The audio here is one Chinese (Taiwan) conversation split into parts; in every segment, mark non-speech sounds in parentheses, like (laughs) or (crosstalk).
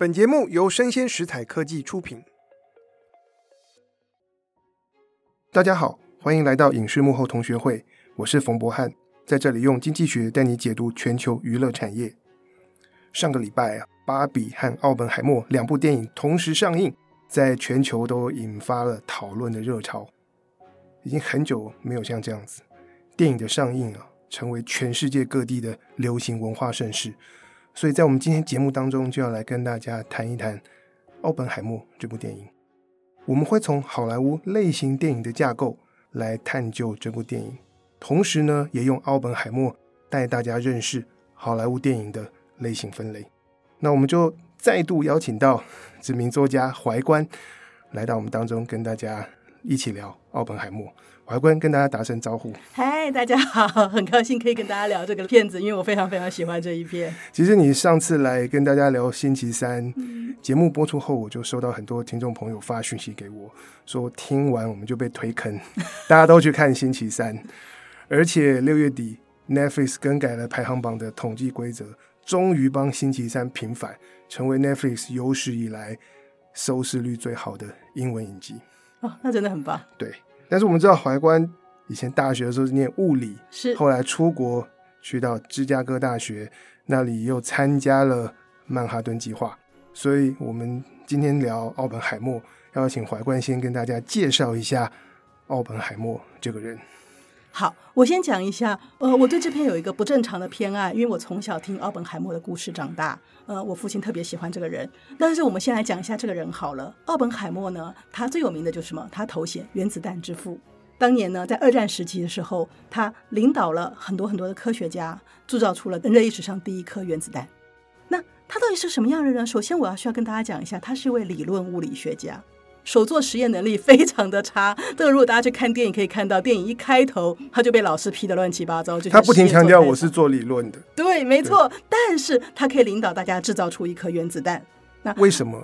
本節目由聲鮮時采科技出品。大家好，歡迎來到影視幕後同學會，我是馮博翰，在這裡用經濟學帶你解讀全球娛樂產業。上個禮拜啊，芭比和奧本海默兩部電影同時上映，在全球都引發了討論的熱潮。已經很久沒有像這樣子，電影的上映啊，成為全世界各地的流行文化盛事。所以在我們今天節目當中，就要來跟大家談一談《奧本海默》這部電影。我們會從好萊塢類型電影的架構來探究這部電影，同時呢，也用《奧本海默》帶大家認識好萊塢電影的類型分類。那我們就再度邀請到知名作家懷觀來到我們當中，跟大家一起聊《奧本海默》。懷觀跟大家打聲招呼。嗨，大家好，很高興可以跟大家聊這個片子，因為我非常非常喜歡這一片。其實你上次來跟大家聊《星期三》嗯、節目播出後，我就收到很多聽眾朋友發訊息給我說，聽完我們就被推坑，大家都去看《星期三》， (laughs) 而且六月底 Netflix 更改了排行榜的統計規則，終於幫《星期三》平反，成為 Netflix 有史以來收視率最好的英文影集。哦，oh, 那真的很棒。對。但是我們知道懷觀以前大學的時候是念物理，是，後來出國去到芝加哥大學，那裡又參加了曼哈頓計劃，所以我們今天聊奧本海默，要請懷觀先跟大家介紹一下奧本海默這個人。好，我先講一下，呃，我對這篇有一個不正常的偏愛，因為我從小聽奧本海默的故事長大，呃，我父親特別喜歡這個人。但是我們先來講一下這個人好了，奧本海默呢，他最有名的就是什麼？他頭銜“原子彈之父”。當年呢，在二戰時期的時候，他領導了很多很多的科學家，鑄造出了人類歷史上第一顆原子彈。那他到底是什麼樣的人呢？首先，我要需要跟大家講一下，他是一位理論物理學家。手作實驗能力非常的差，這個如果大家去看電影可以看到，電影一開頭他就被老師批得亂七八糟，就他不停強調我是做理論的，對，沒錯。對但是他可以領導大家制造出一顆原子彈，那為什麼？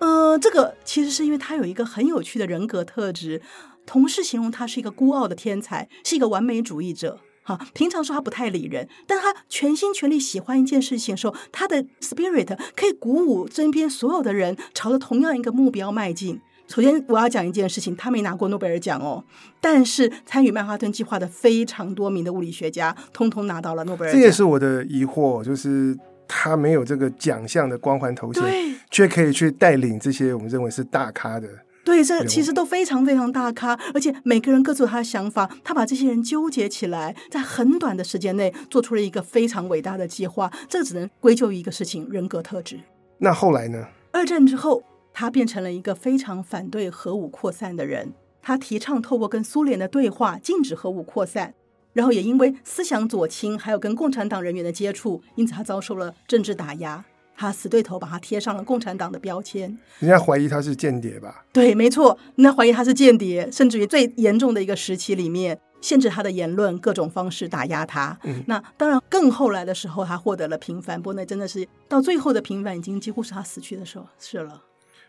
呃，這個其實是因為他有一個很有趣的人格特質，同事形容他是一個孤傲的天才，是一個完美主義者。哈、啊，平常說他不太理人，但他全心全力喜歡一件事情的時候，他的 spirit 可以鼓舞身邊所有的人朝着同樣一個目標邁進。首先，我要講一件事情，他沒拿過諾貝爾獎哦。但是，參與曼哈頓計劃的非常多名的物理學家，通通拿到了諾貝爾獎。這也是我的疑惑，就是他沒有這個獎項的光環頭銜，對卻可以去帶領這些我們認為是大咖的。對，這其實都非常非常大咖，而且每個人各自有他的想法。他把這些人糾結起來，在很短的時間內做出了一個非常偉大的計劃。這只能歸咎於一個事情：人格特質。那後來呢？二戰之後。他變成了一個非常反對核武擴散的人，他提倡透過跟蘇聯的對話，禁止核武擴散，然後也因為思想左傾，還有跟共產黨人員的接觸，因此他遭受了政治打壓。他死對頭把他貼上了共產黨的標籤，人家懷疑他是間諜吧？對，沒錯，人家懷疑他是間諜，甚至於最嚴重的一個時期裡面限制他的言論，各種方式打壓他。嗯、那當然，更後來的時候，他獲得了平反，不過那真的是到最後的平反，已經幾乎是他死去的時候是了。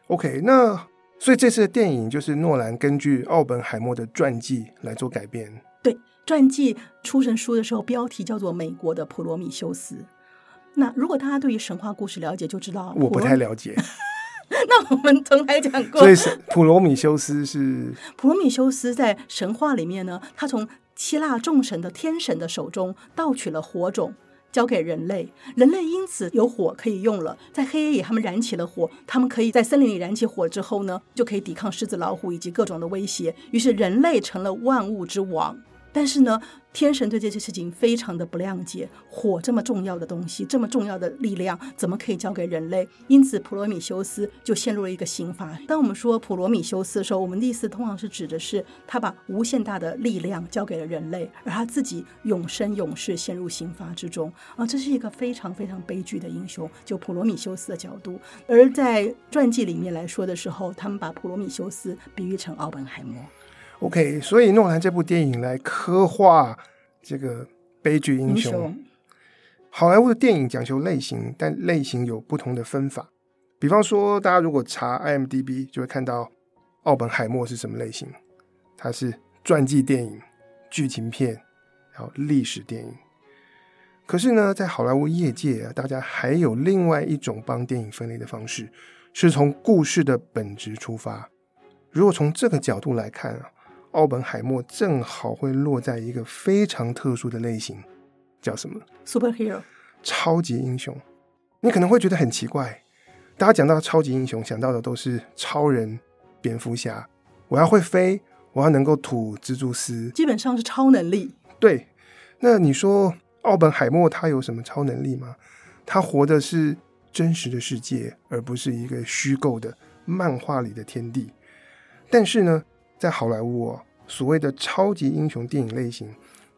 OK，那所以這次的電影就是諾蘭根據奧本海默的傳記來做改編。對，傳記出神書的時候標題叫做《美國的普羅米修斯》。那如果大家對於神話故事了解，就知道我不太了解。 (laughs) 那我們從來講過，所以是普羅米修斯是 (laughs) 普羅米修斯在神話裡面呢，他從希臘眾神的天神的手中盜取了火種。交給人類，人類因此有火可以用了。在黑夜裡，他們燃起了火，他們可以在森林裡燃起火之後呢，就可以抵抗獅子、老虎以及各種的威脅。於是，人類成了萬物之王。但是呢，天神對這些事情非常的不諒解。火這麼重要的東西，這麼重要的力量，怎麼可以交給人類？因此，普羅米修斯就陷入了一個刑罰。當我們說普羅米修斯的時候，我們的意思通常是指的是他把無限大的力量交給了人類，而他自己永生永世陷入刑罰之中。啊，這是一個非常非常悲劇的英雄，就普羅米修斯的角度。而在傳記裡面來說的時候，他們把普羅米修斯比喻成奧本海默。OK，所以諾蘭這部電影來刻畫這個悲劇英雄。好萊塢的電影講求類型，但類型有不同的分法。比方說，大家如果查 IMDB，就會看到《奧本海默》是什麼類型，它是傳記電影、劇情片，還有歷史電影。可是呢，在好萊塢業界啊，大家還有另外一種幫電影分類的方式，是從故事的本質出發。如果從這個角度來看啊。奧本海默正好會落在一個非常特殊的類型，叫什麼？superhero 超級英雄。你可能會覺得很奇怪，大家講到超級英雄，想到的都是超人、蝙蝠俠，我要會飛，我要能夠吐蜘蛛絲，基本上是超能力。對，那你說奧本海默他有什麼超能力嗎？他活的是真實的世界，而不是一個虛構的漫畫裡的天地。但是呢？在好萊塢，哦，所謂的超級英雄電影類型，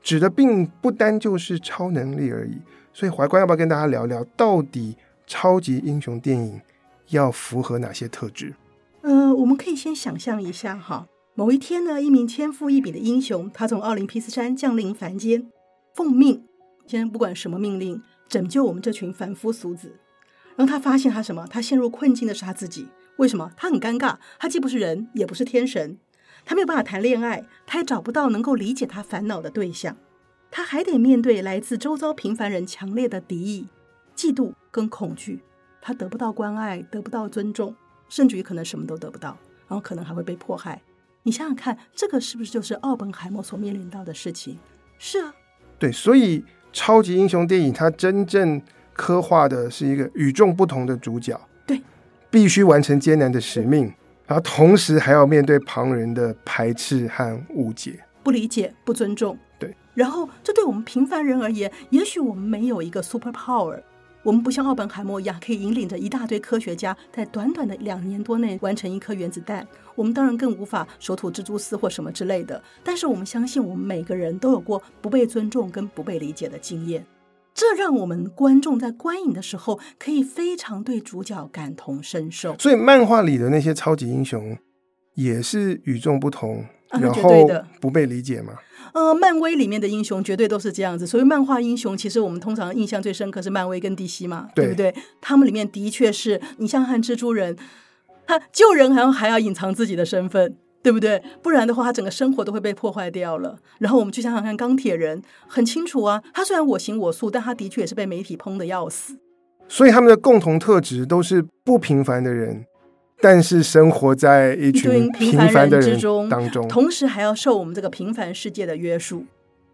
指的並不單就是超能力而已。所以，懷觀要不要跟大家聊聊，到底超級英雄電影要符合哪些特質？呃，我們可以先想象一下哈，某一天呢，一名天賦異稟的英雄，他從奧林匹斯山降臨凡間，奉命，先不管什麼命令，拯救我們這群凡夫俗子。然後他發現他什麼？他陷入困境的是他自己。為什麼？他很尷尬，他既不是人，也不是天神。他沒有辦法談戀愛，他也找不到能夠理解他煩惱的對象，他還得面對來自周遭平凡人強烈的敵意、嫉妒跟恐懼，他得不到關愛，得不到尊重，甚至於可能什麼都得不到，然後可能還會被迫害。你想想看，這個是不是就是奧本海默所面臨到的事情？是啊，對，所以超級英雄電影它真正刻畫的是一個與眾不同的主角，對，必須完成艱難的使命。然後同時還要面對旁人的排斥和誤解，不理解、不尊重。對，然後這對我們平凡人而言，也許我們沒有一個 super power，我們不像奧本海默一樣可以引領着一大堆科學家在短短的兩年多內完成一顆原子彈。我們當然更無法手吐蜘蛛絲或什麼之類的。但是我們相信，我們每個人都有過不被尊重跟不被理解的經驗。這讓我們觀眾在觀影的時候可以非常對主角感同身受，所以漫畫裡的那些超級英雄也是與眾不同，啊、然後不被理解嗎？絕對的。呃，漫威裡面的英雄絕對都是這樣子，所以漫畫英雄其實我們通常印象最深刻是漫威跟 DC 嘛，對，對不對？他們裡面的確是，你像看蜘蛛人，他救人好像還要隱藏自己的身份。對不對？不然的話，他整個生活都會被破壞掉了。然後我們去想想看，鋼鐵人很清楚啊，他雖然我行我素，但他的確也是被媒體噴得要死。所以他們的共同特質都是不平凡的人，但是生活在一群平凡的人當中，平凡人之中當中，同時還要受我們這個平凡世界的約束。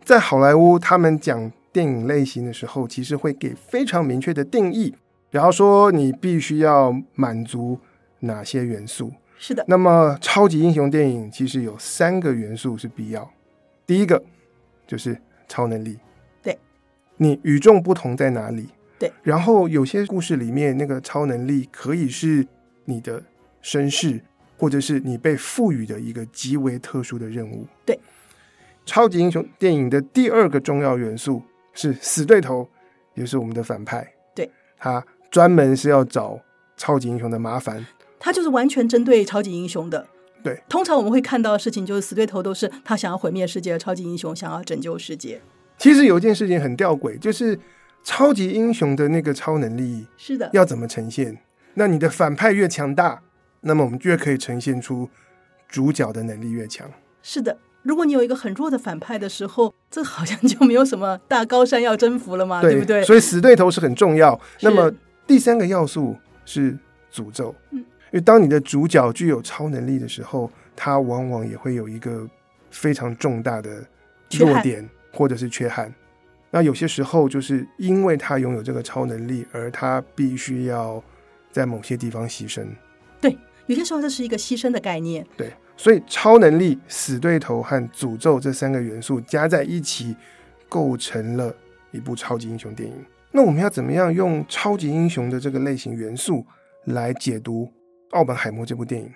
在好萊塢，他們講電影類型的時候，其實會給非常明確的定義，然後說你必須要滿足哪些元素。是的，那麼超級英雄電影其實有三個元素是必要。第一個就是超能力，對，你與眾不同在哪裡？對，然後有些故事裡面那個超能力可以是你的身世，或者是你被賦予的一個極為特殊的任務。對，超級英雄電影的第二個重要元素是死對頭，也是我們的反派，對，他專門是要找超級英雄的麻煩。他就是完全針對超級英雄的，對。通常我們會看到的事情就是死對頭都是他想要毀滅世界，超級英雄想要拯救世界。其實有一件事情很吊詭，就是超級英雄的那個超能力是的，要怎麼呈現？的那你的反派越強大，那麼我們就越可以呈現出主角的能力越強。是的，如果你有一個很弱的反派的時候，這好像就沒有什麼大高山要征服了嘛，對，對不對？所以死對頭是很重要。 (laughs) 那麼是第三個要素是詛咒，嗯。因為當你的主角具有超能力的時候，他往往也會有一個非常重大的弱點，缺憾，或者是缺憾。那有些時候，就是因為他擁有這個超能力，而他必須要在某些地方犧牲。對，有些時候這是一個犧牲的概念。對，所以超能力、死對頭和詛咒這三個元素加在一起，構成了一部超級英雄電影。那我們要怎麼樣用超級英雄的這個類型元素來解讀？奧本海默這部電影，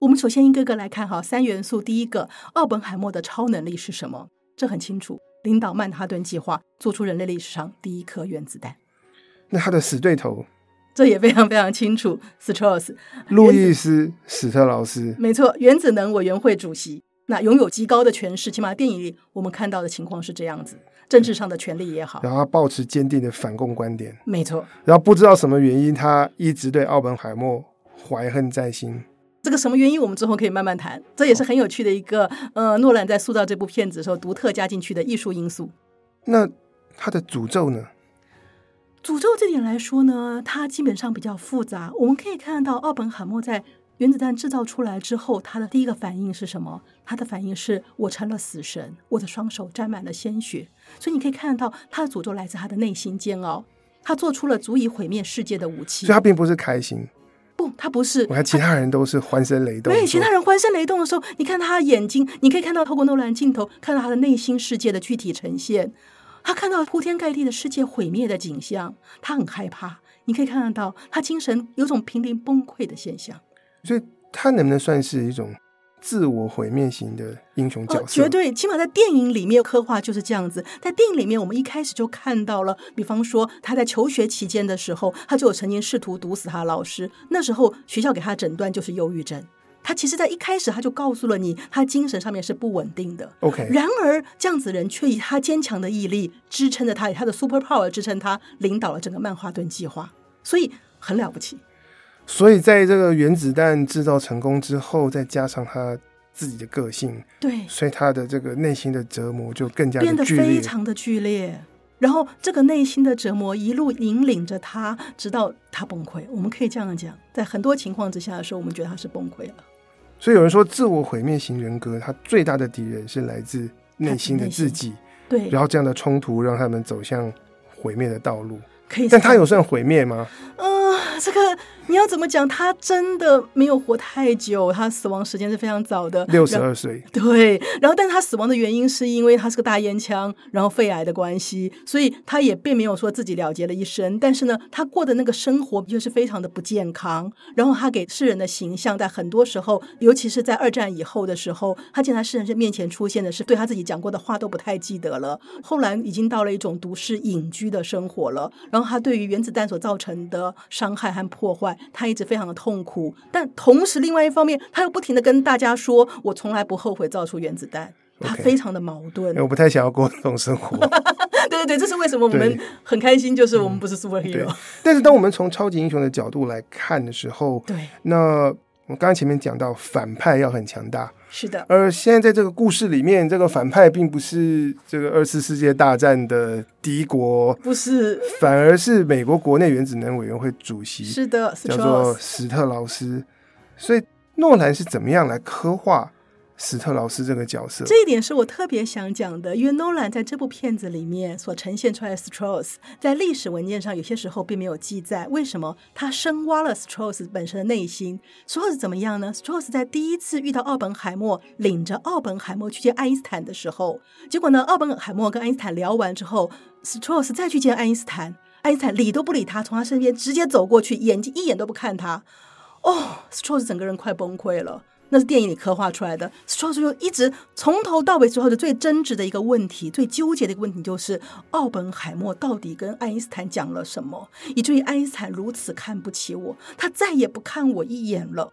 我們首先一個個，個來看哈。三元素，第一個，奧本海默的超能力是什麼？這很清楚，領導曼哈頓計劃，做出人類歷史上第一顆原子彈。那他的死對頭，這也非常非常清楚，斯特羅斯，路易斯·史特羅斯，沒錯，沒錯，原子能委員會主席，那擁有極高的權勢。起碼電影裡我們看到的情況是這樣子，政治上的權力也好，嗯，然後他保持堅定的反共觀點，沒錯。然後不知道什麼原因，他一直對奧本海默。懷恨在心，這個什麼原因？我們之後可以慢慢談。這也是很有趣的一個，呃，諾蘭在塑造這部片子的時候獨特加進去的藝術因素。那他的詛咒呢？詛咒這點來說呢，它基本上比較複雜。我們可以看到，奧本海默在原子彈製造出來之後，他的第一個反應是什麼？他的反應是，我成了死神，我的雙手沾滿了鮮血。所以你可以看得到，他的詛咒來自他的內心煎熬。他做出了足以毀滅世界的武器，所以他並不是開心。不，他不是。我看其他人都是歡聲它雷動。對有，說其他人歡聲雷動的時候，你看他的眼睛，你可以看到透過諾蘭鏡頭，看到他的內心世界的具體呈現。他看到鋪天蓋地的世界毀滅的景象，他很害怕。你可以看得到，他精神有種瀕臨崩潰的現象。所以，他能不能算是一種？自我毀滅型的英雄角色？哦，絕對，起碼在電影裡面刻畫就是這樣子。在電影裡面，我們一開始就看到了，比方說他在求學期間的時候，他就有曾經試圖毒死他的老師。那時候學校給他的診斷就是憂鬱症。他其實，在一開始他就告訴了你，他精神上面是不穩定的。OK，然而這樣子人卻以他堅強的毅力支撐着他，以他的 super power 支撐他，領導了整個曼哈頓計劃，所以很了不起。所以，在這個原子彈製造成功之後，再加上他自己的個性，對，所以他的這個內心的折磨就更加變得非常的劇烈。然後，這個內心的折磨一路引領着他，直到他崩潰。我們可以這樣講，在很多情況之下的時候，我們覺得他是崩潰了。所以有人說，自我毀滅型人格，他最大的敵人是來自內心的自己。對，然後這樣的衝突讓他們走向毀滅的道路。可以，但他有算毀滅嗎？嗯、呃，這個。你要怎麼講？他真的沒有活太久，他死亡時間是非常早的，六十二歲。對，然後但是他死亡的原因是因為他是個大煙槍，然後肺癌的關係，所以他也並沒有說自己了結了一生。但是呢，他過的那個生活就是非常的不健康。然後他給世人的形象，在很多時候，尤其是在二戰以後的時候，他竟然在世人面前出現的是對他自己講過的話都不太記得了。後來已經到了一種遁世隱居的生活了。然後他對於原子彈所造成的傷害和破壞。他一直非常的痛苦，但同時另外一方面，他又不停的跟大家說：“我從來不後悔造出原子彈。” Okay, 他非常的矛盾。我不太想要過那種生活。 (laughs) (laughs) 對對對，這是為什麼我們很開心，就是我們不是 superhero、嗯。但是當我們從超級英雄的角度來看的時候， (laughs) 對那。我剛剛前面講到反派要很強大，是的。而現在在這個故事裡面，這個反派並不是這個二次世界大戰的敵國，不是，反而是美國國內原子能委員會主席，是的，叫做史特勞斯。是。所以諾蘭是怎麼樣來刻畫？史特勞斯這個角色，這一點是我特別想講的，因為諾蘭在這部片子裡面所呈現出來的史特勞斯，在歷史文件上有些時候並沒有記載，為什麼他深挖了史特勞斯本身的內心？史特勞斯怎麼樣呢？史特勞斯在第一次遇到奧本海默，領着奧本海默去見愛因斯坦的時候，結果呢，奧本海默跟愛因斯坦聊完之後，史特勞斯再去見愛因斯坦，愛因斯坦理都不理他，從他身邊直接走過去，眼睛一眼都不看他，哦，史特勞斯整個人快崩潰了。那是電影裡刻畫出來的，所以說就一直從頭到尾最後的最真摯的一個問題，最糾結的一個問題就是奧本海默到底跟愛因斯坦講了什麼，以至於愛因斯坦如此看不起我，他再也不看我一眼了。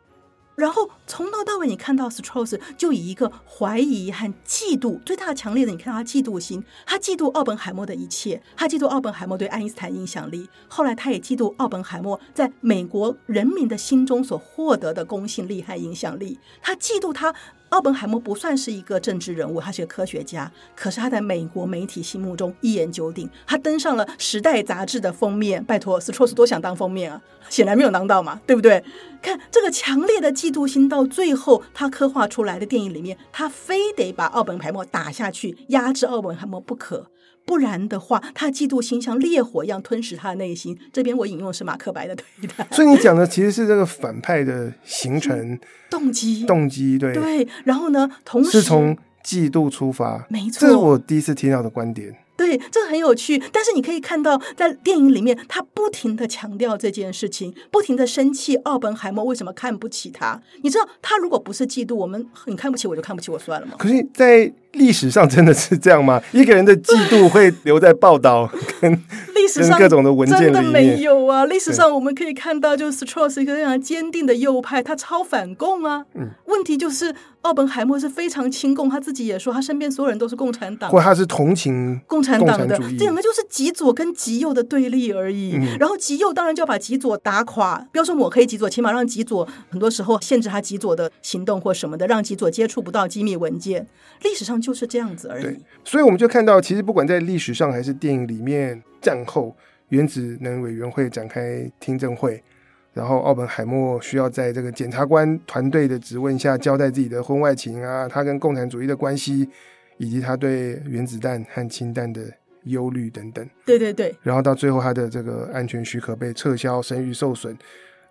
然後從頭到尾，你看到 s t 史特勞斯就以一個懷疑和嫉妒，最大的強烈的，你看到他嫉妒心，他嫉妒奧本海默的一切，他嫉妒奧本海默對愛因斯坦影響力，後來他也嫉妒奧本海默在美國人民的心中所獲得的公信力和影響力，他嫉妒他。奧本海默不算是一個政治人物，他是個科學家。可是他在美國媒體心目中一言九鼎，他登上了《時代》雜誌的封面。拜托，斯托斯多想當封面啊，顯然沒有當到嘛，對不對？看這個強烈的嫉妒心，到最後他刻畫出來的電影裡面，他非得把奧本海默打下去，壓制奧本海默不可。不然的話，他嫉妒心像烈火一樣吞噬他的內心。這邊我引用的是馬克白的對白。所以你講的其實是這個反派的形成 (laughs) 動機，動機對對。然後呢，同時是從嫉妒出發，沒錯，這是我第一次聽到的觀點。對，這很有趣。但是你可以看到，在電影裡面，他不停的強調這件事情，不停的生氣，奧本海默為什麼看不起他？你知道，他如果不是嫉妒，我們，你看不起我就看不起我算了嗎？可是，在歷史上真的是這樣嗎？一個人的嫉妒會留在報道跟 (laughs) 歷史上各種的文件裡真的沒有啊？歷史上我們可以看到，就是 Strauss 一個非常堅定的右派，他超反共啊。嗯，問題就是奧本海默是非常親共，他自己也說，他身邊所有人都是共產黨，或他是同情共。共產，共產黨的這兩個就是極左跟極右的對立而已，嗯、然後極右當然就要把極左打垮，不要說抹黑極左，起碼讓極左很多時候限制他極左的行動或什麼的，讓極左接觸不到機密文件。歷史上就是這樣子而已。所以我們就看到，其實不管在歷史上還是電影裡面，戰後原子能委員會展開聽證會，然後奧本海默需要在這個檢察官團隊的質問下交代自己的婚外情啊，他跟共產主義的關係。以及他對原子彈和氫彈的憂慮等等，對對對，然後到最後他的這個安全許可被撤銷，聲譽受損。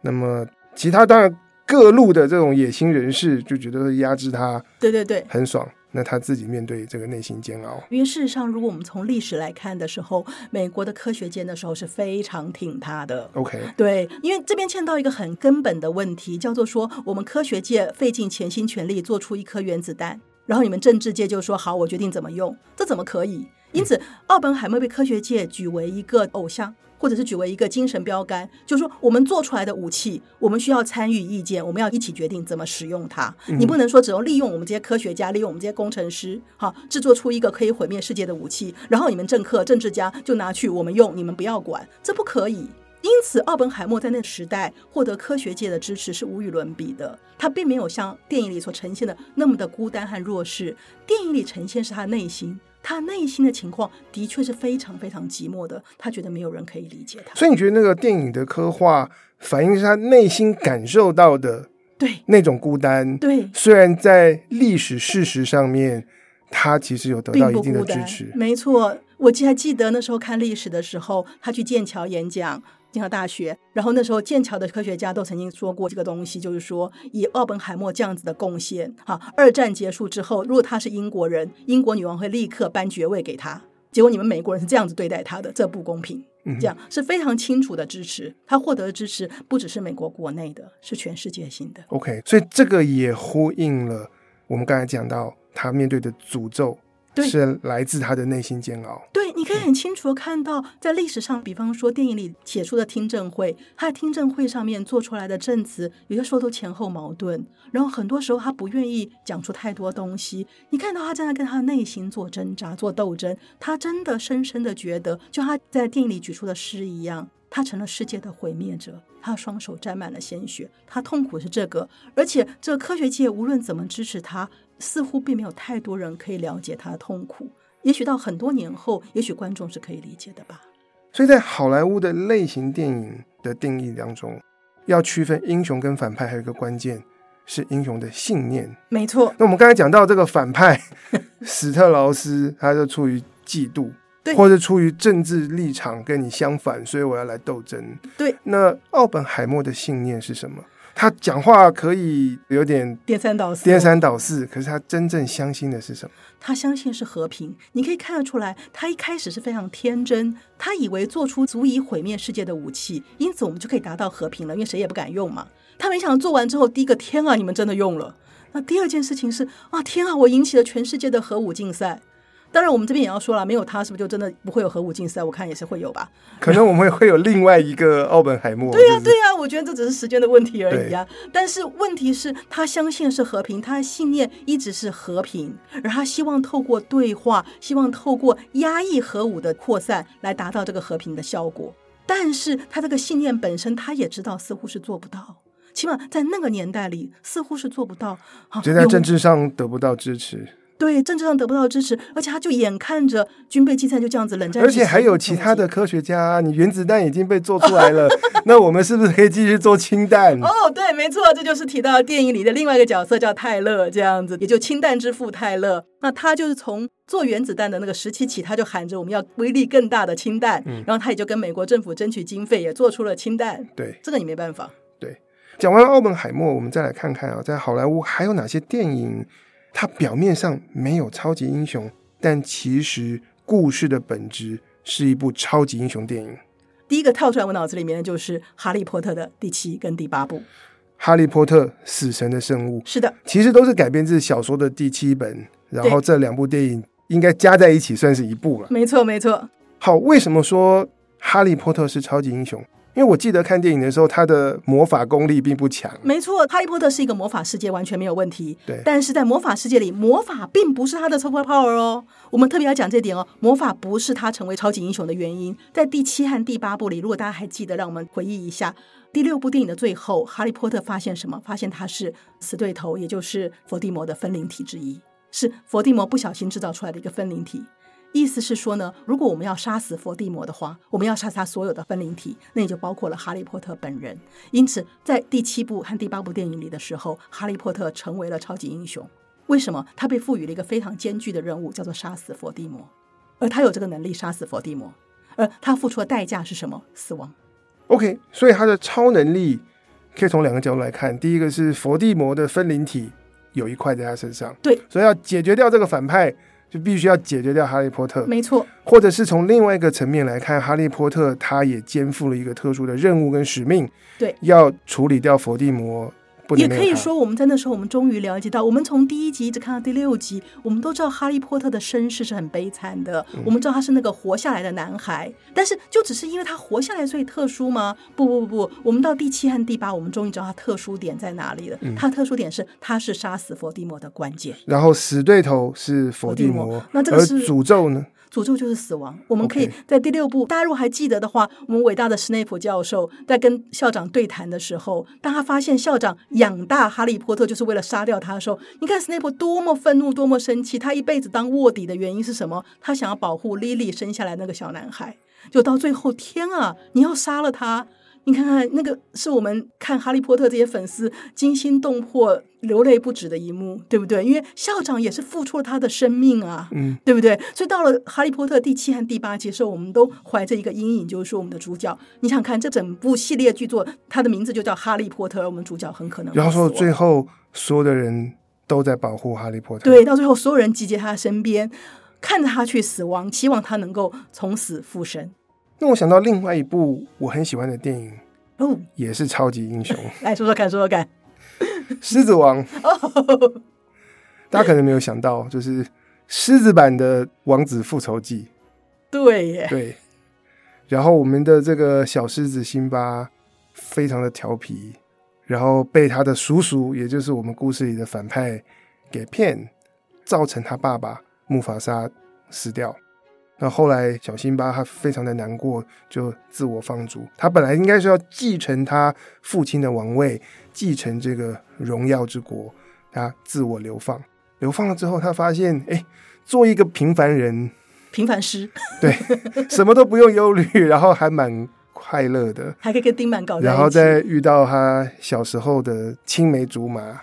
那麼其他當然各路的這種野心人士就覺得壓制他，對對對，很爽。那他自己面對這個內心煎熬。因為事實上，如果我們從歷史來看的時候，美國的科學界的時候是非常挺他的。OK，對，因為這邊牽到一個很根本的問題，叫做說我們科學界費盡全心全力做出一顆原子彈。然後你們政治界就說好，我決定怎麼用，這怎麼可以？因此，奧本海默被科學界舉為一個偶像，或者是舉為一個精神標桿，就是說，我們做出來的武器，我們需要參與意見，我們要一起決定怎麼使用它。嗯、你不能說，只用利用我們這些科學家，利用我們這些工程師，好、啊，制作出一個可以毀滅世界的武器，然後你們政客、政治家就拿去我們用，你們不要管，這不可以。因此，奧本海默在那個時代獲得科學界的支持是無與倫比的。他並沒有像電影裡所呈現的那麼的孤單和弱勢。電影裡呈現是他的內心，他內心的情況的確是非常非常寂寞的。他覺得沒有人可以理解他。所以你覺得那個電影的刻畫反映是他內心感受到的？對，那種孤單。對，對，雖然在歷史事實上面，他其實有得到一定的支持。沒錯，我記，還記得那時候看歷史的時候，他去劍橋演講。劍橋大學，然後那時候劍橋的科學家都曾經說過這個東西，就是說以奧本海默這樣子的貢獻，哈、啊，二戰結束之後，如果他是英國人，英國女王會立刻頒爵位給他。結果你們美國人是這樣子對待他的，這不公平。這樣是非常清楚的支持，他獲得的支持不只是美國國內的，是全世界性的。OK，所以這個也呼應了我們剛才講到他面對的詛咒。對是來自他的內心煎熬。對，你可以很清楚的看到，在歷史上，嗯、比方說電影裡寫出的聽證會，他的聽證會上面做出來的證詞，有些時候都前後矛盾。然後很多時候他不願意講出太多東西。你看到他正在跟他的內心做掙扎、做鬥爭。他真的深深的覺得，就他在電影裡舉出的詩一樣，他成了世界的毀滅者。他的雙手沾滿了鮮血，他痛苦是這個。而且這科學界無論怎麼支持他。似乎並沒有太多人可以了解他的痛苦。也許到很多年後，也許觀眾是可以理解的吧。所以，在好萊塢的類型電影的定義當中，要區分英雄跟反派，還有一個關鍵是英雄的信念。沒錯。那我們剛才講到這個反派 (laughs) 史特勞斯，他就出於嫉妒，對或者出於政治立場跟你相反，所以我要來鬥爭。對。那奧本海默的信念是什麼？他講話可以有點顛三倒四，顛三倒四。可是他真正相信的是什麼？他相信是和平。你可以看得出來，他一開始是非常天真，他以為做出足以毀滅世界的武器，因此我們就可以達到和平了，因為誰也不敢用嘛。他沒想到做完之後，第一個天啊，你們真的用了。那第二件事情是，啊，天啊，我引起了全世界的核武競賽。當然，我們這邊也要說了，沒有他，是不是就真的不會有核武競賽？我看也是會有吧。可能我們會有另外一個奧本海默。 (laughs) 對呀、啊，對呀、啊，我覺得這只是時間的問題而已啊。對但是問題是，他相信是和平，他的信念一直是和平，而他希望透過對話，希望透過壓抑核武的擴散來達到這個和平的效果。但是他這個信念本身，他也知道似乎是做不到，起碼在那個年代裡似乎是做不到。這、啊、在政治上得不到支持。對，政治上得不到支持，而且他就眼看着軍備競賽就這樣子冷戰，而且還有其他的科學家、啊，你原子彈已經被做出來了， (laughs) 那我們是不是可以繼續做氫彈？哦，oh, 對，沒錯，這就是提到電影裡的另外一個角色叫泰勒，這樣子，也就氫彈之父泰勒。那他就是從做原子彈的那個時期起，他就喊着我們要威力更大的氫彈，嗯、然後他也就跟美國政府爭取經費，也做出了氫彈。對，這個你沒辦法。對，講完了奧本海默，我們再來看看啊，在好萊塢還有哪些電影。它表面上沒有超級英雄，但其實故事的本質是一部超級英雄電影。第一個跳出來我腦子裡面的就是《哈利波特》的第七跟第八部，《哈利波特：死神的聖物》。是的，其實都是改編自小說的第七本，然後這兩部電影應該加在一起算是一部了。沒錯，沒錯。好，為什麼說《哈利波特》是超級英雄？因為我記得看電影的時候，他的魔法功力並不強。沒錯，哈利波特是一個魔法世界，完全沒有問題。對，但是在魔法世界裡，魔法並不是他的 super power 哦。我們特別要講這點哦，魔法不是他成為超級英雄的原因。在第七和第八部裡，如果大家還記得，讓我們回憶一下第六部電影的最後，哈利波特發現什麼？發現他是死對頭，也就是伏地魔的分靈體之一，是伏地魔不小心製造出來的一個分靈體。意思是說呢，如果我們要殺死伏地魔的話，我們要殺死他所有的分靈體，那也就包括了哈利波特本人。因此，在第七部和第八部電影裡的時候，哈利波特成為了超級英雄。為什麼？他被賦予了一個非常艱鉅的任務，叫做殺死伏地魔。而他有這個能力殺死伏地魔，而他付出的代價是什麼？死亡。OK，所以他的超能力可以從兩個角度來看。第一個是伏地魔的分靈體有一塊在他身上，對，所以要解決掉這個反派。就必須要解決掉哈利波特，沒錯，或者是從另外一個層面來看，哈利波特他也肩負了一個特殊的任務跟使命，對，要處理掉伏地魔。也可以說，我們在那時候，我們終於了解到，我們從第一集一直看到第六集，我們都知道哈利波特的身世是很悲慘的。我們知道他是那個活下來的男孩，但是就只是因為他活下來，所以特殊嗎？不不不不，我們到第七和第八，我們終於知道他特殊點在哪裡了。他特殊點是，他是殺死伏地魔的關鍵。然後死對頭是伏地魔，那這個是詛咒呢？詛咒就是死亡。我們可以在第六部，大家如果還記得的話，我們偉大的斯內普教授在跟校長對談的時候，當他發現校長養大哈利波特就是為了殺掉他的時候，你看斯內普多麼憤怒，多麼生氣。他一輩子當臥底的原因是什麼？他想要保護莉莉生下來那個小男孩。就到最後，天啊，你要殺了他！你看看那個，是我們看《哈利波特》這些粉絲驚心動魄、流淚不止的一幕，對不對？因為校長也是付出了他的生命啊，嗯，對不對？所以到了《哈利波特》第七和第八集的時候，我們都懷着一個陰影，就是說我們的主角。你想看這整部系列劇作，它的名字就叫《哈利波特》，而我們主角很可能說。然後說最後，所有的人都在保護哈利波特。對，到最後，所有人集結他身邊，看着他去死亡，期望他能夠從死復生。讓我想到另外一部我很喜歡的電影，嗯，Boom. 也是超級英雄。 (laughs) 來說說看，說說看， (laughs) 《獅子王》。Oh. (laughs) 大家可能沒有想到，就是獅子版的《王子復仇記》。對耶。對，對。然後我們的這個小獅子辛巴非常的調皮，然後被他的叔叔，也就是我們故事裡的反派，給騙，造成他爸爸木法沙死掉。那後來，小辛巴他非常的難過，就自我放逐。他本來應該是要繼承他父親的王位，繼承這個榮耀之國。他自我流放，流放了之後，他發現，哎，做一個平凡人，平凡獅，對，什麼都不用憂慮，然後還蠻快樂的，還可以跟丁滿搞。然後再遇到他小時候的青梅竹馬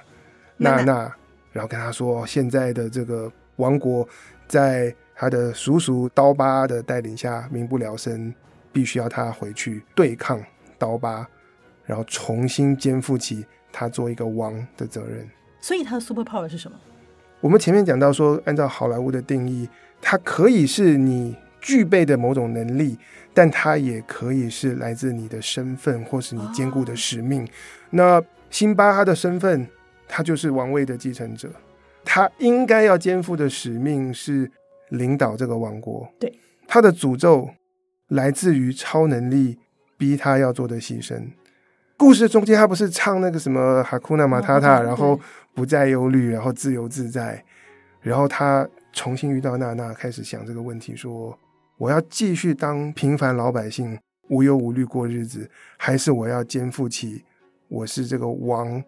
娜娜，然後跟他說，現在的這個王國在。他的叔叔刀疤的帶領下，民不聊生，必須要他回去對抗刀疤，然後重新肩負起他做一個王的責任。所以他的 super power 是什麼？我們前面講到說，按照好萊塢的定義，他可以是你具備的某種能力，但他也可以是來自你的身份或是你肩負的使命。那辛巴他的身份，他就是王位的繼承者，他應該要肩負的使命是。領導這個王國，對，他的詛咒來自於超能力，逼他要做的犧牲。故事中間，他不是唱那個什麼哈庫納馬塔塔，然後不再憂慮，對然後自由自在，然後他重新遇到娜娜，開始想這個問題：說我要繼續當平凡老百姓，無憂無慮過日子，還是我要肩負起我是這個王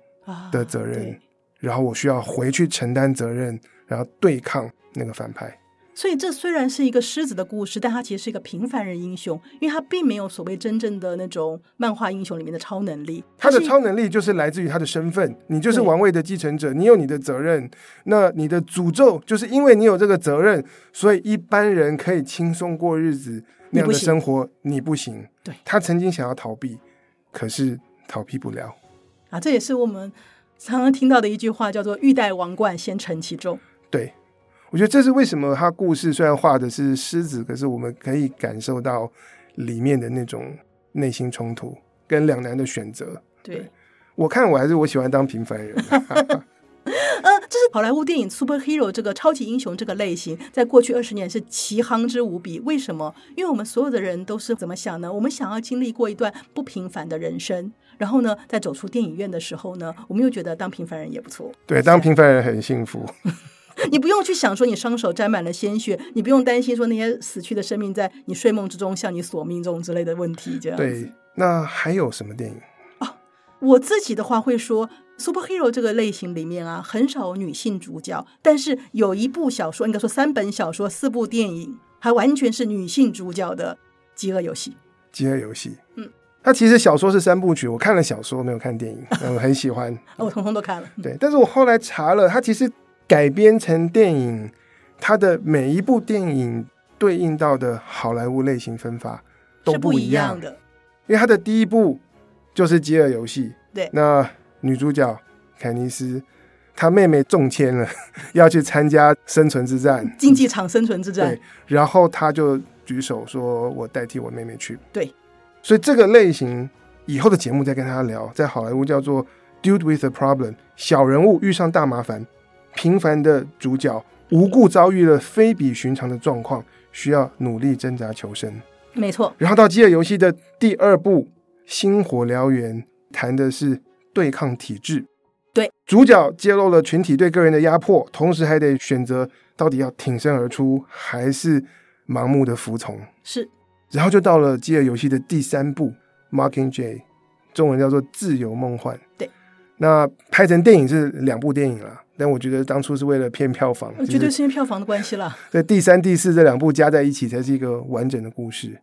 的責任？啊、然後我需要回去承擔責任，然後對抗那個反派。所以，這雖然是一個獅子的故事，但他其實是一個平凡人英雄，因為他並沒有所謂真正的那種漫畫英雄裡面的超能力。他，他的超能力就是來自於他的身份，你就是王位的繼承者，對你有你的責任。那你的詛咒就是因為你有這個責任，所以一般人可以輕鬆過日子那樣的生活，你不行。不行對，他曾經想要逃避，可是逃避不了。啊，這也是我們常常聽到的一句話，叫做“欲戴王冠，先承其重”。我覺得這是為什麼他故事雖然畫的是獅子，可是我們可以感受到裡面的那種內心衝突跟兩難的選擇。對，對，我看我還是我喜歡當平凡人。 (laughs) 嗯，這是好萊塢電影 superhero 這個超級英雄這個類型，在過去二十年是奇夯之無比。為什麼？因為我們所有的人都是怎麼想呢？我們想要經歷過一段不平凡的人生，然後呢，在走出電影院的時候呢，我們又覺得當平凡人也不錯。對，當平凡人很幸福。 (laughs) 你不用去想說你雙手沾滿了鮮血，你不用擔心說那些死去的生命在你睡夢之中向你索命這種之類的問題。這樣對，那還有什麼電影？哦，我自己的話會說，Superhero 這個類型裡面啊，很少有女性主角，但是有一部小說，應該說三本小說、四部電影，還完全是女性主角的《飢餓遊戲》。飢餓遊戲，嗯，它其實小說是三部曲，我看了小說，沒有看電影，我、 (laughs) 嗯、很喜歡，哦、我通通都看了。對，嗯、但是我後來查了，它其實。改編成電影，它的每一部電影對應到的好萊塢類型分法都不一，是不一樣的。因為它的第一部就是《飢餓遊戲》，對，那女主角凱尼斯，她妹妹中簽了， (laughs) 要去參加生存之戰，競技場生存之戰、嗯。對，然後她就舉手說：“我代替我妹妹去。”對，所以這個類型以後的節目再跟大家聊，在好萊塢叫做《Dude with a Problem》，小人物遇上大麻煩。平凡的主角無故遭遇了非比尋常的狀況，需要努力掙扎求生。沒錯。然後到饑餓遊戲的第二部《星火燎原》，談的是對抗體制。對。主角揭露了群體對個人的壓迫，同時還得選擇到底要挺身而出，還是盲目的服從。是。然後就到了饑餓遊戲的第三部《Mockingjay》，中文叫做《自由夢幻》。對。那拍成電影是兩部電影了。但我覺得當初是為了騙票房，絕對是因為票房的關係啦。所以第三、第四這兩部加在一起才是一個完整的故事。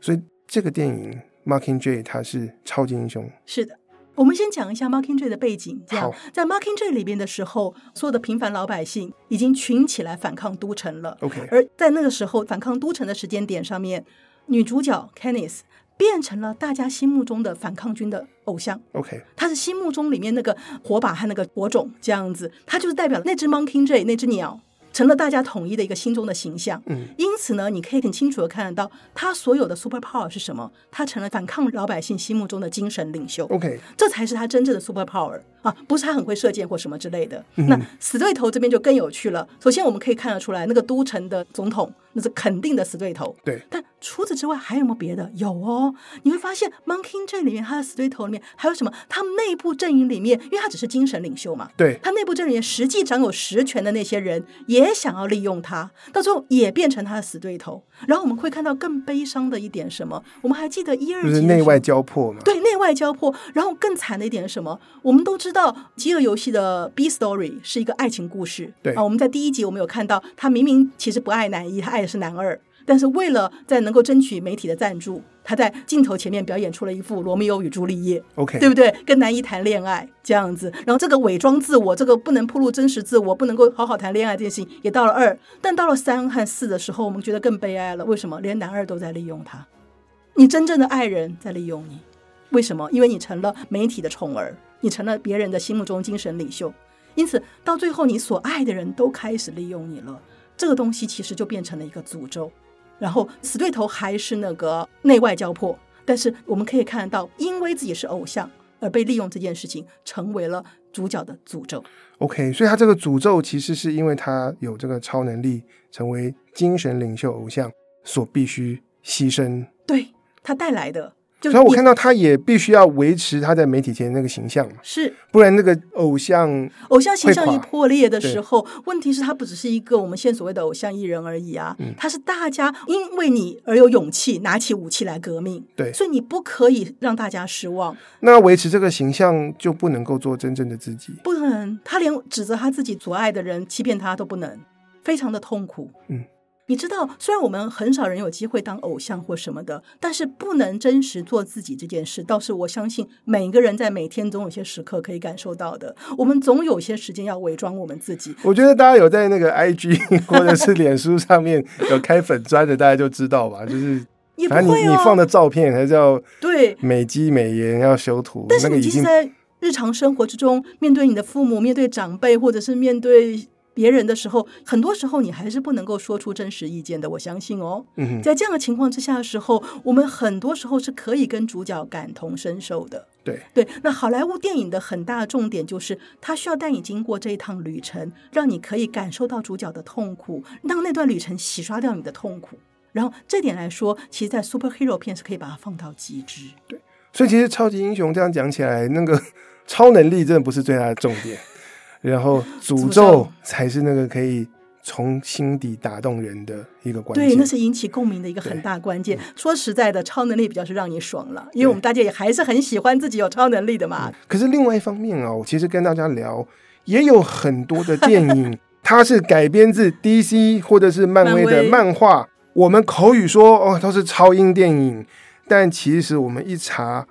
所以這個電影《Mockingjay》它是超級英雄。是的，我們先講一下《Mockingjay》的背景。這樣好，在《Mockingjay》裡邊的時候，所有的平凡老百姓已經群起來反抗都城了。OK，而在那個時候反抗都城的時間點上面，女主角 Katniss。變成了大家心目中的反抗軍的偶像。OK，他是心目中裡面那個火把和那個火種這樣子，他就是代表那隻 Mockingjay 那隻鳥。成了大家統一的一個心中的形象，嗯，因此呢，你可以很清楚的看得到他所有的 super power 是什麼。他成了反抗老百姓心目中的精神領袖，OK，這才是他真正的 super power 啊，不是他很會射箭或什麼之類的。嗯、那死對頭這邊就更有趣了。首先我們可以看得出來，那個都城的總統那是肯定的死對頭，對。但除此之外還有沒有別的？有哦，你會發現 Mockingjay 這裡面他的死對頭裡面還有什麼？他內部陣營裡面，因為他只是精神領袖嘛，對，他內部陣營實際掌有實權的那些人也。也想要利用他，到最後也變成他的死對頭。然後我們會看到更悲傷的一點什麼？我們還記得一二集是內外交迫嗎？對，內外交迫。然後更慘的一點什麼？我們都知道《飢餓遊戲》的 B story 是一個愛情故事。對啊，我們在第一集我們有看到，他明明其實不愛男一，他愛的是男二。但是為了在能夠爭取媒體的贊助，他在鏡頭前面表演出了一副羅密歐與朱麗葉，OK，對不對？跟男一談戀愛這樣子，然後這個偽裝自我，這個不能曝露真實自我，不能夠好好談戀愛，這件事情也到了二，但到了三和四的時候，我們覺得更悲哀了。為什麼？連男二都在利用他，你真正的愛人在利用你，為什麼？因為你成了媒體的寵兒，你成了別人的心目中精神領袖，因此到最後，你所愛的人都開始利用你了。這個東西其實就變成了一個詛咒。然後死對頭還是那個內外交迫，但是我們可以看得到，因為自己是偶像而被利用這件事情，成為了主角的詛咒。OK，所以他這個詛咒其實是因為他有這個超能力，成為精神領袖偶像所必須犧牲，對，他帶來的。所以，我看到他也必須要維持他在媒體前那個形象是，不然那個偶像偶像形象一破裂的時候，對問題是，他不只是一個我們現所謂的偶像藝人而已啊，嗯、他是大家因為你而有勇氣拿起武器來革命，對，所以你不可以讓大家失望。那維持這個形象就不能夠做真正的自己，不能。他連指責他自己所愛的人欺騙他都不能，非常的痛苦。嗯。你知道，雖然我們很少人有機會當偶像或什麼的，但是不能真實做自己這件事，倒是我相信每一個人在每天總有些時刻可以感受到的。我們總有些時間要偽裝我們自己。我覺得大家有在那個 IG 或者是臉書上面有開粉專的， (laughs) 大家就知道吧，就是反正你、哦、你放的照片才叫對美肌美顏要修圖，但是對你其實在日常生活之中面對你的父母、面對長輩，或者是面對。別人的時候，很多時候你還是不能夠說出真實意見的。我相信哦，嗯哼。在這樣的情況之下的時候，我們很多時候是可以跟主角感同身受的。對對，那好萊塢電影的很大的重點就是，它需要帶你經過這一趟旅程，讓你可以感受到主角的痛苦，讓那段旅程洗刷掉你的痛苦。然後這點來說，其實，在 superhero 片是可以把它放到極致。對，所以其實超級英雄這樣講起來，那個超能力真的不是最大的重點。 (laughs) 然後詛咒才是那個可以從心底打動人的一個關鍵，對，那是引起共鳴的一個很大關鍵。嗯、說實在的，超能力比較是讓你爽了，對因為我們大家也還是很喜歡自己有超能力的嘛。嗯、可是另外一方面啊、哦，我其實跟大家聊也有很多的電影， (laughs) 它是改編自 DC 或者是漫威的漫畫。漫威我們口語說哦，都是超英電影，但其實我們一查。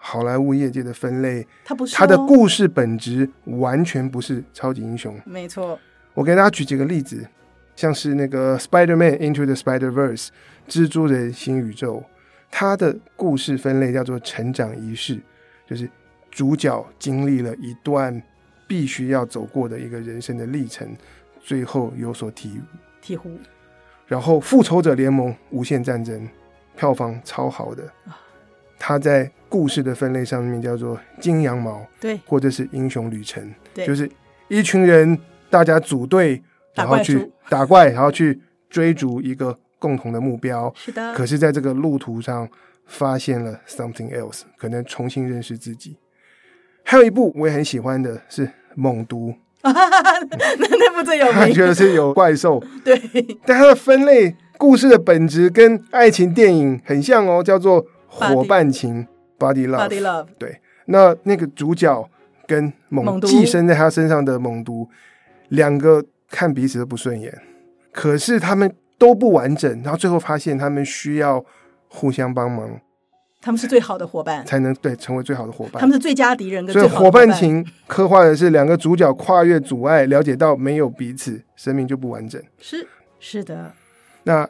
好萊塢業界的分類，他不是他的故事本質完全不是超級英雄。沒錯錯，我給大家舉幾個例子，像是那個《Spider-Man Into the Spider-Verse》,蜘蛛人新宇宙，他的故事分類叫做成長儀式，就是主角經歷了一段必須要走過的一個人生的歷程，最後有所體體悟。然後，《復仇者聯盟：無限戰爭》票房超好的。它在故事的分類上面叫做金羊毛，對，或者是英雄旅程，對，就是一群人大家組隊，然後去打怪，然後去追逐一個共同的目標。是的。可是在這個路途上發現了 something else，可能重新認識自己。還有一部我也很喜歡的是《猛毒》，那 (laughs) 嗯、 (laughs) 那部最有感覺的是有怪獸。 (laughs) 對，但它的分類，故事的本質跟愛情電影很像哦，叫做。Body, 伙伴情，Buddy Love，, buddy love 對，那那個主角跟猛毒寄生在他身上的猛毒，猛毒兩個看彼此都不順眼，可是他們都不完整，然後最後發現他們需要互相幫忙，他們是最好的伙伴，才能對成為最好的伙伴，他們是最佳敵人的，的。所以伙伴情刻畫的是兩個主角跨越阻礙，了解到沒有彼此，生命就不完整，是是的，那。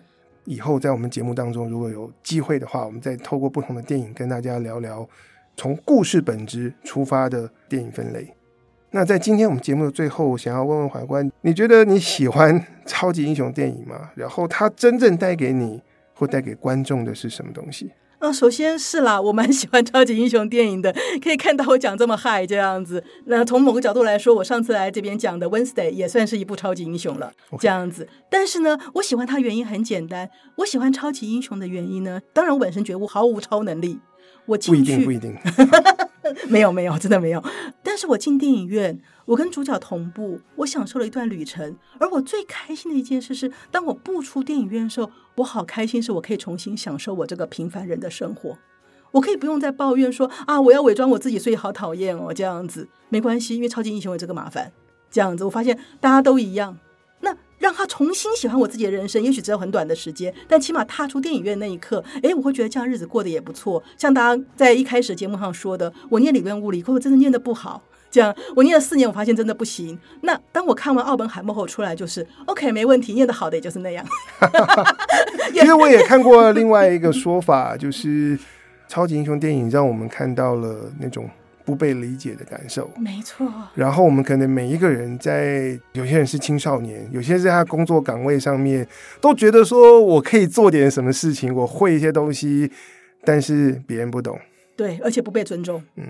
以後在我們節目當中，如果有機會的話，我們再透過不同的電影跟大家聊聊從故事本質出發的電影分類。那在今天我們節目的最後，想要問問懷觀，你覺得你喜歡超級英雄電影嗎？然後它真正帶給你或帶給觀眾的是什麼東西？嗯，首先是啦，我蠻喜歡超級英雄電影的。可以看到我講這麼嗨這樣子。那從某個角度來說，我上次來這邊講的 Wednesday 也算是一部超級英雄了，Okay. 這樣子。但是呢，我喜歡他原因很簡單，我喜歡超級英雄的原因呢，當然我本身覺悟毫無超能力，我進去不一定，不一定， (laughs) 沒有沒有，真的沒有。但是我進電影院。我跟主角同步，我享受了一段旅程。而我最開心的一件事是，當我不出電影院的時候，我好開心，是我可以重新享受我這個平凡人的生活。我可以不用再抱怨說啊，我要偽裝我自己，所以好討厭哦。這樣子沒關係，因為超級英雄有這個麻煩。這樣子，我發現大家都一樣。那讓他重新喜歡我自己的人生，也許只有很短的時間，但起碼踏出電影院那一刻，誒，我會覺得這樣日子過得也不錯。像大家在一開始節目上說的，我念理論物理，會不會真的念得不好？這樣，我念了四年，我發現真的不行。那當我看完《奧本海默》後出來，就是 OK，沒問題，念得好的也就是那樣。因 (laughs) 為 (laughs) 我也看過另外一個說法， (laughs) 就是超級英雄電影讓我們看到了那種不被理解的感受。沒錯。然後我們可能每一個人在，在有些人是青少年，有些人在他工作崗位上面，都覺得說我可以做點什麼事情，我會一些東西，但是別人不懂。對，而且不被尊重。嗯。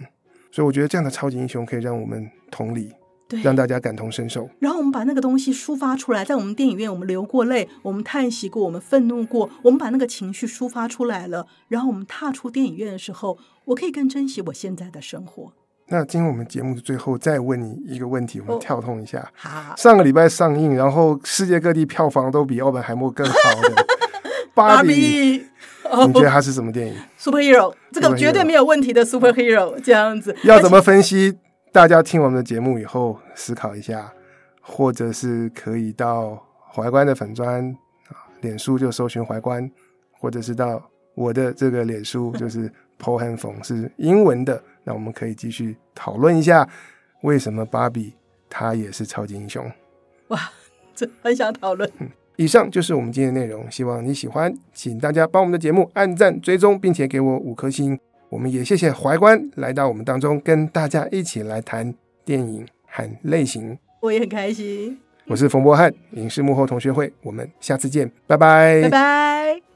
所以我覺得這樣的超級英雄可以讓我們同理，對，讓大家感同身受。然後我們把那個東西抒發出來，在我們電影院，我們流過淚，我們嘆息過，我們憤怒過，我們把那個情緒抒發出來了。然後我們踏出電影院的時候，我可以更珍惜我現在的生活。那今天我們節目的最後再問你一個問題，我們跳通一下。好，oh, 上個禮拜上映，然後世界各地票房都比《奧本海默》更好的。 (laughs) 芭比，Bobby, 哦、你覺得他是什麼電影？Superhero，這個絕對沒有問題的 Superhero，這樣子要怎麼分析？且大家聽我們的節目以後思考一下，或者是可以到懷觀的粉專啊，臉書就搜尋懷觀，或者是到我的這個臉書就是 Paul Hanfong 是英文的。那我們可以繼續討論一下，為什麼芭比他也是超級英雄？哇，這很想討論。 (laughs) 以上就是我們今天的內容，希望你喜歡，請大家幫我們的節目按讚、追蹤，並且給我五顆星。我們也謝謝懷觀來到我們當中，跟大家一起來談電影和類型，我也很開心。我是馮博翰，影視幕後同學會，我們下次見，拜拜，拜拜。